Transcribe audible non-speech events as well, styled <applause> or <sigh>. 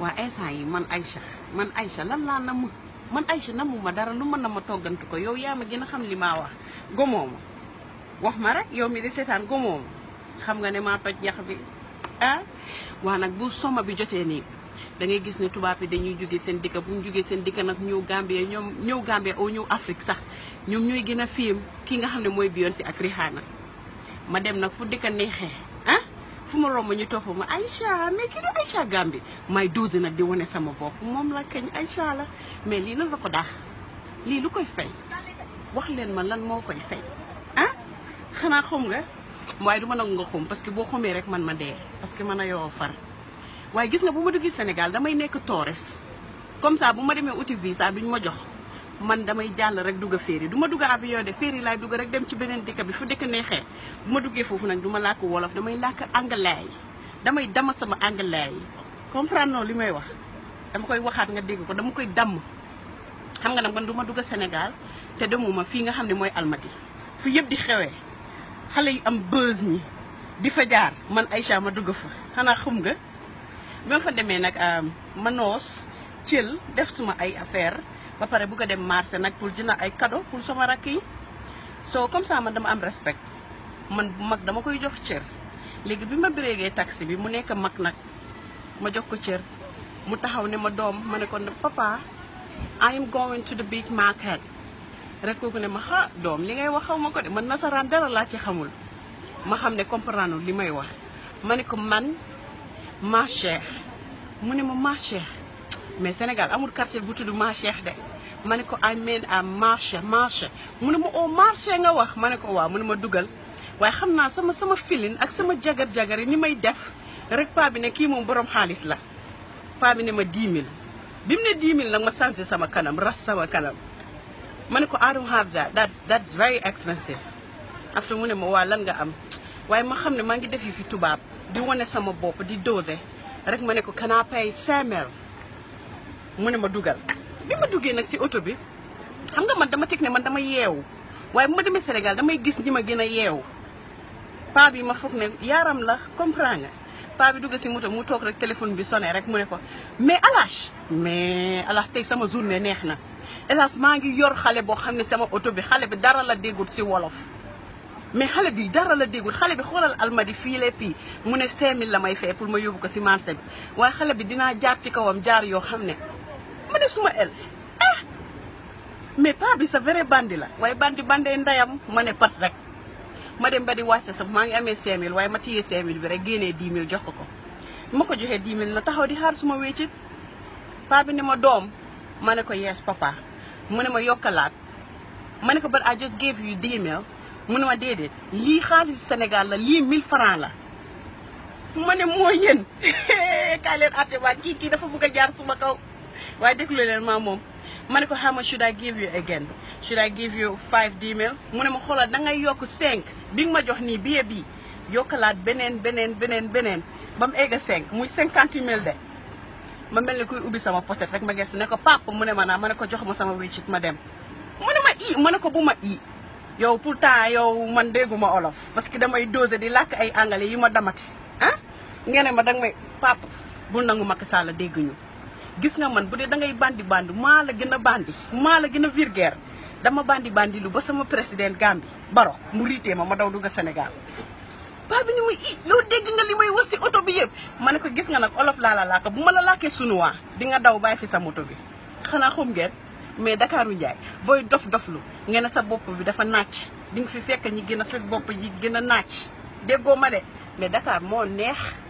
waa instant yi man Aïcha man Aïcha lan laa namm man Aïcha namu ma dara lu ma na ma toggant ko yow yaa ma gën a xam li maa wax gomoo ma wax ma rek yow mi di seetaan gomoo ma xam nga ne maa toj yax bi ah waa nag bu soma bi jotee nii dangay gis ne tubaab bi dañuy jóge seen dikka bu jógee seen dikka nag ñëw Gambie ñoom ñëw Gambie aw ñëw Afrique sax ñoom ñooy gën a fiim ki nga xam ne mooy biyoon si ak Rihanna ma dem nag fu dikka neexee fu ma romb ñu topp ma Aïcha mais kii du Aïcha Gambi may doosi nag di wone sama bopp moom la ay Aïcha la mais lii lan la ko daax lii lu koy fay wax leen ma lan moo koy fay ah xanaa xom nga waaye du ma nangu nga xom parce que boo xomee rek man ma dee parce que man a yoo far waaye gis nga bu ma duggee Sénégal damay nekk toores comme ça bu ma demee uti visa duñ ma jox man damay jàll rek dugg ferry du ma dugg avion de ferry laay dugg rek dem ci beneen dëkk bi fu dëkk neexee bu ma duggee foofu nag du ma làkk wolof damay làkk anglais damay dama sama anglais yi comprendre non li may wax dama koy waxaat nga dégg ko dama koy damm xam nga nag man du ma dugg Sénégal te demuma fii nga xam ne mooy Almadi fu yëpp di xewee xale am buzz ñi di fa jaar man Aïcha ma dugg fa xanaa xam nga bi ma fa demee nag euh, ma noos cël def suma ay affaire ba pare bu ko dem marché nag pour jënd ay cadeau pour sama rakk yi soo comme ça man dama am respect man bu mag dama koy jox cër léegi bi ma bréegee tax bi mu nekk mag nag ma jox ko cër mu taxaw ne ma doom ma ne ko papa I am going to the big market rek kooku ne ma xa doom li ngay wax xaw ma ko de man nasaraan dara laa ci xamul ma xam ne comprendre li may wax ma ne ko man ma mu ne ma ma mais Sénégal amul quartier bu tudd Macheikh de ma ne ko I mean à marché marché mu ma au oh, marché nga wax ma ne ko waa mu ne ma dugal waaye xam naa sama sama filin ak sama jagar-jagar yi ni may def rek paa bi ne kii moom borom xaalis la paa bi ne ma 10 000 bi mu ne 10 000 nag ma changé sama kanam ras sama kanam ma ne ko I don't have that that's that's very expensive after mu ne ma waa lan nga am waaye ma xam ne maa ngi def yi fi tubaab di wane sama bopp di dose rek ma ne ko can I mu ne ma dugal bi ma duggee nag si oto bi xam nga man dama teg ne man dama yeewu waaye bu ma demee Sénégal damay gis ñi ma gën a yeewu paa bi ma foog ne yaaram la comprendre nga paa bi dugg si moto mu toog rek téléphone bi sonné rek mu ne ko mais alaaj mais alaaj sama journée neex na alaaj ngi yor xale boo xam ne sama oto bi xale bi dara la déggut si wolof mais xale bi dara la déggul xale bi xoolal almadi fii la mu ne 5000 la may fay pour ma yóbbu ko si marché bi waaye xale bi dinaa jaar ci kawam jaar yoo xam ne ma ne suma el ah mais paa bi sa vrai bandi la waaye bandi bandee ndeyam ma ne pat rek ma dem ba di wàcce sa maa ngi amee 5000 waaye ma téye 5000 bi rek génnee 10000 jox ko ko ma ko joxee 10000 na taxaw di xaar suma wéccit paa bi ne ma doom ma ne ko yees papa mu ne ma yokkalaat ma ne ko ba I just gave you email mu ne ma déedéet lii xaalis senegal la lii 1000 francs la ma ne moo yéen <laughs> kaay leen àttewaat kii kii dafa bugg a jaar suma kaw waaye déglu leen maa moom ma ne ko how much should I give you again should I give you five D-mail mu ne ma xoolaat da ngay yokk cinq bi ma jox nii bi bii yokkalaat beneen beneen beneen beneen ba mu egg cinq muy cinquante mille de ma mel ne kuy ubbi sama poset rek ma gëstu ne ko papa mu ne ma naa ma ne ko jox ma sama wéccit ma dem mu ne ma ii ma ne ko bu ma ii yow temps yow man dégguma olof parce que damay dose di làkk ay anglais yi ma damati ah ngeen ma danga may bu nangu Macky Sall dégguñu gis nga man bu dee da ngay bandi bandi maa la gën bandi maa la gën a dama bandi bandi lu ba sama président Gambie Baro mu riitee ma ma daw dugg Sénégal paa bi ni ma i dégg nga li wër si oto bi yëpp ma gis nga nag olof laa la laaka bu ma la laakee sunuwaa di nga daw bàyyi fi sa moto bi xanaa xam ngeen mais Dakaaru Njaay booy dof doflu nga ne sa bopp bi dafa naaj di fi fekk ñi gën sa bopp yi gën a naaj ma de mais Dakar moo neex